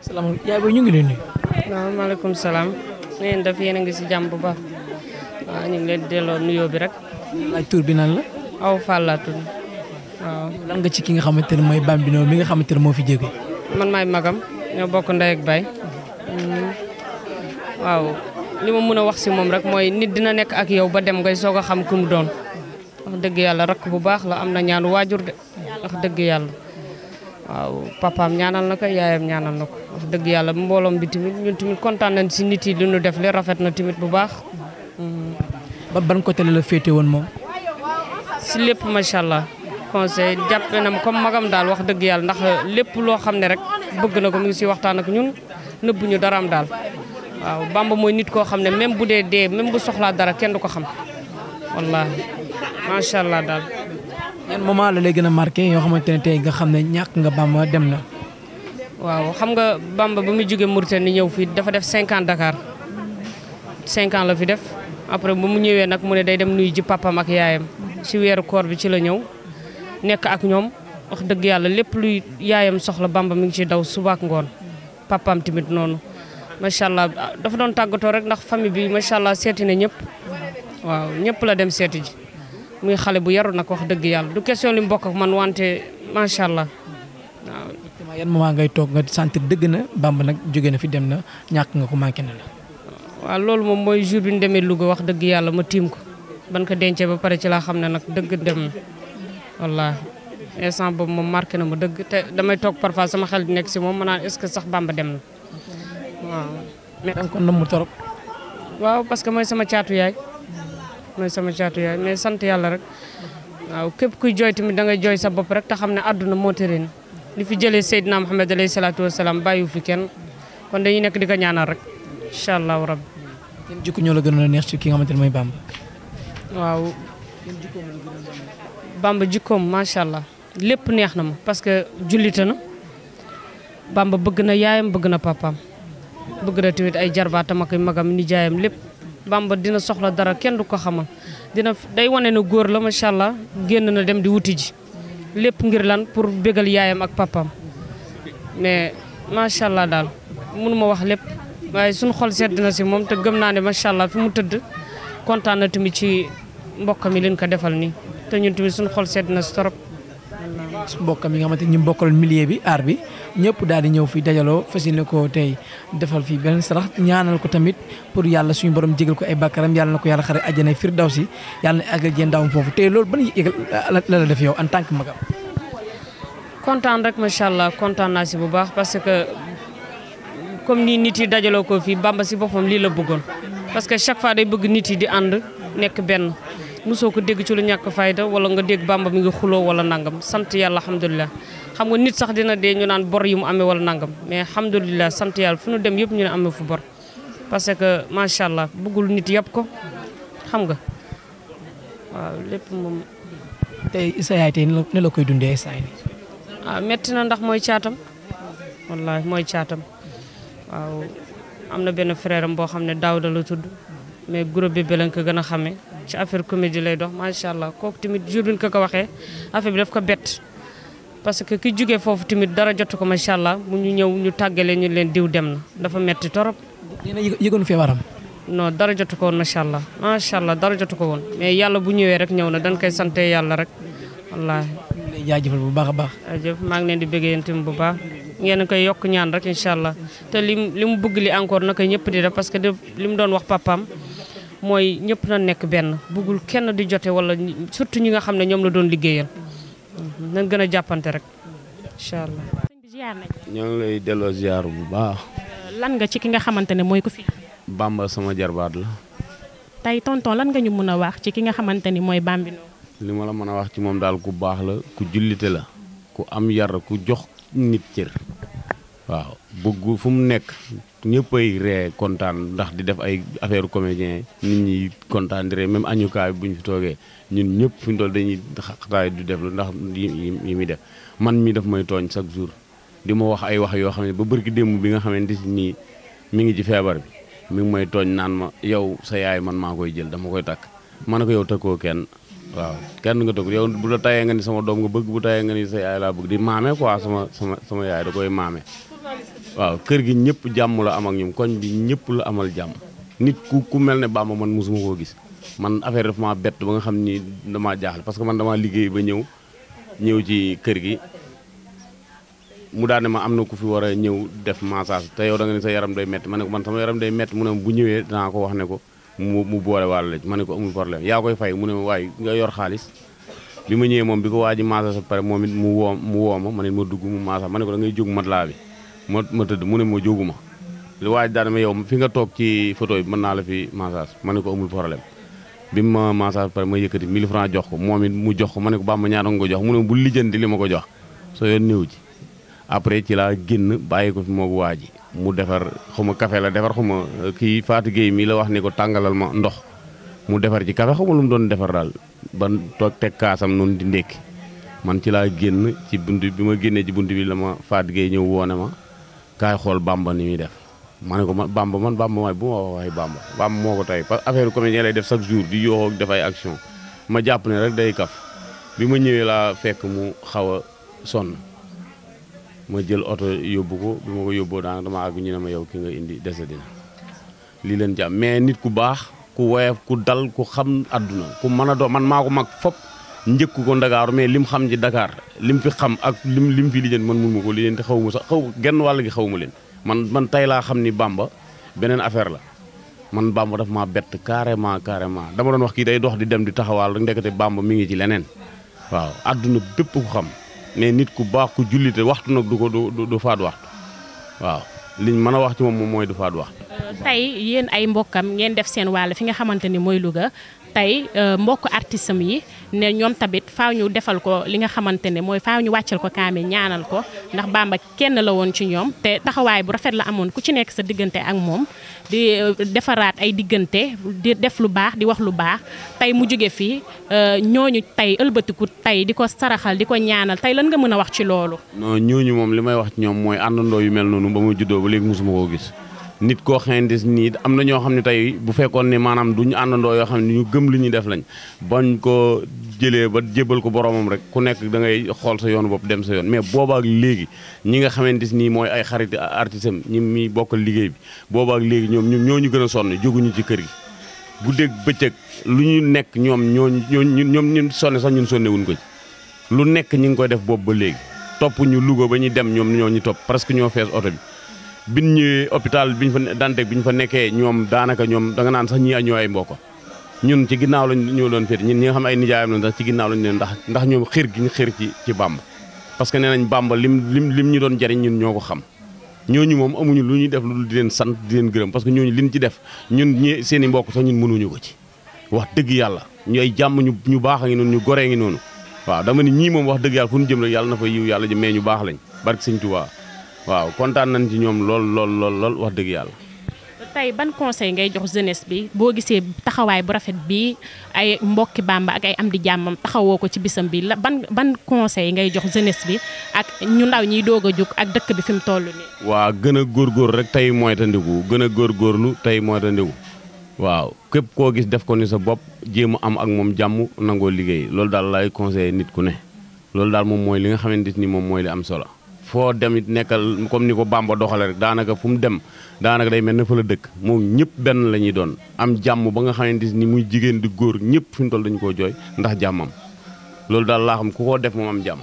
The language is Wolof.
salaam yaay maaleykum salaam. na ngeen def yéen a ngi si jàmm bu baax. waaw ñu leen di delloo nuyoo bi rek. laaj tur bi nan la. aw Fall waaw. lan nga ci ki nga xamante ne mooy bambino bi nga xamante ne moo fi jóge. man maay magam bokk ndey baay. Mhm. waaw li ma mën a wax si moom rek mooy nit dina nekk ak yow ba dem ngay soog a xam kum mu doon. wax dëgg yàlla rakk bu baax la am na ñaanu waajur de wax dëgg yàlla. waaw papaam ñaanal na ko yaayam ñaanal na ko wax dëgg yàlla mbooloom bi tamit ñun tamit kontaan nañ si nit yi lu ñu def li rafet na tamit bu baax. ba ban côté la la féete woon moom. si lépp macha allah conseil jàpp na comme magam daal wax dëgg yàlla ndax lépp loo xam ne rek bëgg na ko mu ngi si waxtaan ak ñun nëbbu ñu daraam daal. waaw Bamba mooy nit koo xam ne même bu dee dee même bu soxlaa dara kenn du ko xam wallaahi macha daal. yan moment la lay gën a marqué yoo xamante ne tey nga xam ne ñàkk nga Bamba dem na. waaw xam nga Bamba ba muy jógee ni ñëw fii dafa def 5 ans Dakar 5 ans la fi def après bu mu ñëwee nag mu ne day dem nuyu ji papam ak yaayam ci weeru koor bi ci la ñëw nekk ak ñoom wax dëgg yàlla lépp luy yaayam soxla Bamba mu ngi ci daw subaak ngoon papam tamit noonu. macha allah dafa doon tàggatoo rek ndax famille bi macha allah seeti na ñëpp waaw ñëpp la dem seeti muy xale bu yaru nag wax dëgg yàlla du question li mu bokk man wante macha allah waaw. effectivement yan moment ngay toog nga sentir dëgg na bamb nag jóge na fi dem na ñàkk nga ko manqué na la. waaw loolu moom mooy jour bi ñu demee Louga wax dëgg yàlla ma tiim ko ban ko dencee ba pare ci laa xam ne nag dëgg dem wallaahi instant boobu moom marqué na ma dëgg te damay toog parfois sama xel di nekk si moom ma naan est-ce que sax Bamba dem na waaw. waaw parce que mooy sama caatu yaay. ma sama caatu yaay mais sant yàlla rek waaw képp kuy jooy tamit da ngay jooy sa bopp rek te xam ne àdduna moo ni li fi jëlee Seydina Muhammad alayhi salaatu wasalaam bàyyiwu fi kenn kon dañuy nekk di ko ñaanal rek incha allahu rabbi. yéen jikko a neex ci ki nga xamante ne mooy Bamba. jikkoom macha allah lépp neex na ma parce que jullite na Bamba bëgg na yaayam bëgg na papaam bëgg na tamit ay jarbaatam ak magam nijaayam lépp. Bamba dina soxla dara kenn du ko xamal dina day wane na góor la macha allah génn na dem di wuti ji lépp ngir lan pour bégal yaayam ak pappam mais macha allah daal mënuma wax lépp waaye suñu xol sedd na si moom te gëm naa ne macha allah fi mu tëdd kontaan na tamit ci mbokk mi leen ko defal nii te ñun tamit suñu xol sedd na si torop mbokkam yi nga xamante ni ñu bokkaloon milieu bi aar bi ñëpp daal di ñëw fi dajaloo fas yéene ko tey defal fii beneen sarax ñaanal ko tamit pour yàlla suñu borom jégal ko ay bàkkaram yàlla na ko yàlla xare àjjana firdawsi yàlla na àggal jeen daawam foofu te loolu ban yëgal la la def yow en tant que magam. kontaan rek macha allah kontaan naa si bu baax parce que comme ni nit yi dajaloo ko fii Bamba si boppam lii la bëggoon parce que chaque fois bëgg nit yi di ànd musoo ko dégg ci lu ñàkk fayda wala nga dégg bàmba mi ngi xuloo wala nangam sant yàlla alhamdulilah xam nga nit sax dina de ñu naan bor yi mu amee wala nangam mais alhamdulilah sant yàlla fu ñu dem yëpp ñu ne amee fu bor parce que macha allah bëggul nit yàpp ko xam nga waaw lépp moom. tey Issa Yaye tey ni la koy dundee Issa Yaye. ah metti na ndax mooy caatam wallaahi mooy caatam waaw am na benn frère am boo xam ne Daouda la tudd mais groupe bi beleen ko gën a xamee. ci affaire comédie lay dox macha allah kooku tamit jour bi ko ko waxee affaire bi daf ko bett. parce que ki jógee foofu tamit dara jotu ko macha allah mu ñu ñëw ñu tàggale ñu leen diw dem na dafa metti torop. nee na yëgoon feebaram. non dara jotu ko woon macha allah dara jotu ko woon mais yàlla bu ñëwee rek ñëw na dañ koy sant yàlla rek wallaahi. a baax. maa ngi leen di bëggee yéen tamit bu baax ngeen koy yokk ñaan rek incha allah te li li mu bëgg li encore na koy ñëpp di def parce que li mu doon mooy ñëpp na nekk benn bëggul kenn di jote wala surtout ñi nga xam ne ñoom la doon liggéeyal mm-hmm. nañ gën a jàppante rek incha allah. ñoo ngi lay delloo ziar bu baax. Euh, lan nga ci ki nga xamante ne mooy ko fi. Bamba sama jarbaat la. tey tonton lan nga ñu mën a wax ci ki nga xamante ni mooy Bambilor. li ma la mën a wax ci moom daal ku baax la ku jullite la ku am yar ku jox nit cër. waaw bëgg fu mu nekk ñëppay ree kontaan ndax di def ay affaire comédien nit ñi kontaan di ree même añukaay bu ñu fi toogee ñun ñëpp fu ñu dool dañuy xataay du def lu ndax yi muy def man mi daf may tooñ chaque jour di ma wax ay wax yoo xam ne ba bërki démb bi nga xamante nii mu ngi ci feebar bi mu ngi may tooñ naan ma yow sa yaay man maa koy jël dama koy takk ma ne ko yow takkoo kenn waaw kenn nga tëgg yow bu la tayee nga ni sama doom nga bëgg bu tayee nga ni sa yaay laa bëgg di maame quoi sama sama waaw kër gi ñëpp jàmm la am ñoom koñ bi ñëpp la amal jàmm nit ku ku mel ne ma man mosuma koo gis man affaire dafa ma bett ba nga xam ni damaa jaaxle parce que man damaa liggéey ba ñëw ñëw ci kër gi mu daane ma am na ku fi war a ñëw def massage te yow da nga ne sa yaram day metti man ne ko man sama yaram day metti mu ne bu ñëwee danaa ko wax ne ko mu mu boole wàll la ma ne ko amul problème yaa koy fay mu ne waay nga yor xaalis bi ma ñëwee moom bi ko waa ji massage moom it mu woo mu woo ma ma ma dugg mu massage ma ne ko da ngay jóg matelas ma ma tëdd mu ne ma jóguma waaj daane ma yow fi nga toog ci photo bi mën naa la fi massage ma ne ko amul problème bi ma massage pare ma yëkkati 1000 francs jox ko moom it mu jox ko ma ne ko baax ma ñaata nga ko jox mu ne bu lijjanti li ma ko jox soo yoon néew ji après ci laa génn bàyyi ko fi moog waa ji mu defar xawma kafe la defar xawma euh, kii Fatou Gueye mii la wax ni ko tàngalal ma ndox mu defar ci café xawma lu mu doon defar daal ba toog teg kaasam noonu di ndékki man ci laa génn ci bunt bi ma génnee ci bunt bi la ma Fatou Gueye ñëw woone ma kaay xool bamba ni muy def ma ne ko man bamba man bamba waay bu ma wax waxee bamba bamba moo ko tey parce que affaire comédien lay def chaque jour di yoo ak def ma jàpp ne rek day kaf bi ma ñëwee laa fekk mu xaw a sonn ma jël oto yóbbu ko bi ma ko yóbboo daanaka dama àgg ñu ne ki nga indi dese dina lii leen jàpp nit ku baax ku woyof ku dal ku xam àdduna ku mën a doon man maa ko mag fop njëkk ko Dakar mais lim xam ci Dakar lim fi xam ak lim lim fi lijjanti man mun ma ko lijjanti xaw ma sax xaw genn wàll gi xaw ma leen man man tey laa xam ni Bamba beneen affaire la man Bamba daf maa bett carrément carrément dama doon wax kii day dox di dem di taxawaal rek ndekete Bamba mi ngi ci leneen waaw àdduna bépp ku xam mais nit ku baax ku jullite waxtu nag du ko du du faat waxtu waaw liñ mën a wax ci moom moom mooy du faat wax tey yéen ay mbokkam ngeen def seen wàll fi nga xamante ni mooy luga tey euh, mbokk artistam yi ne ñoom tamit faaw ñu defal ko li nga xamante ne mooy faaw ñu wàcceel ko kaame ñaanal ko ndax Bamba kenn la woon ci ñoom te taxawaay bu rafet la amoon ku ci nekk sa diggante ak moom di euh, defaraat ay diggante di def lu baax di wax lu baax tey mu jóge fii euh, ñooñu tey ëlbatiku tey di ko saraxal di ko ñaanal tey lan nga mën a wax ci loolu. non ñooñu moom li may wax ñoom mooy àndandoo yu mel noonu ba muy juddoo ba léegi mosuma koo gis. nit koo xam ne nii am na ñoo xam ne tey bu fekkoon ne maanaam du ñu àndandoo yoo xam ne ñu gëm lu ñuy def lañ bañ ko jëlee ba jébbal ko boromam rek ku nekk da ngay xool sa yoonu bopp dem sa yoon mais boobaak léegi ñi nga xamante nii mooy ay xarit a artisam ñi mi bokkal liggéey bi boobaak léegi ñoom ñoom ñoo ñu gën a sonn jóguñu ci kër gi guddeeg bëccëg lu ñu nekk ñoom ñooñu ñoom ñun sonne sax ñun sonne wuñ ko ci lu nekk ñu ngi koy def boobu ba léegi topp ñu Louga ba ñuy dem ñoom ñoo ñu topp presque ñoo fees oto bi biñ ñëwee hôpital biñ fa Dantec biñ fa nekkee ñoom daanaka ñoom danga naan sax ñii ak ñoo ay mbokk ñun ci ginnaaw lañ ñoo doon féet ñun ñi nga xam ay nijaayam lañ sax ci ginnaaw lañ leen ndax ndax ñoom xir gi ñu xir ci ci Bàmba parce que nee nañ Bàmba lim lim ñu doon jariñ ñun ñoo ko xam ñooñu moom amuñu lu ñuy def lu dul di leen sant di leen gërëm parce que ñooñu liñ ci def ñun ñi seen i mbokk sax ñun mënuñu ko ci wax dëgg yàlla ñu ay jàmm ñu ñu baax a ngi ñu goree ngi noonu waaw dama ñ moom wax dëgg yàlla ñu jëm rek yàlla na fa yiw yàlla ji mais ñu baax lañ barke sëñ waaw kontaan nañ ci ñoom lool lool lool lool wax dëgg yàlla. tey ban conseil ngay jox jeunesse bi boo gisee taxawaay bu rafet bii ay mbokki Bamba ak ay am di jàmmam taxawoo ko ci bisam bi la ban ban conseil ngay jox jeunesse bi ak ñu ndaw ñiy doog a jóg ak dëkk bi fi mu toll nii. waaw gën a góor rek tey mooy tandiku gën a góorgóorlu tey mooy tandiku waaw képp koo gis def ko ni sa bopp jéem a am ak moom jàmm nangoo liggéey loolu daal lay conseillé nit ku ne loolu daal moom mooy li nga xamante ni moom mooy li am solo. foo demit nekkal comme ni ko Bàmba doxale rek daanaka fu mu dem daanaka day mel ne fa la dëkk moom ñëpp benn la ñuy doon am jàmm ba nga xamante ni muy jigéen di góor ñëpp fi mu toll dañu koo jooy ndax jàmmam loolu daal laa xam ku ko def moom am jàmm.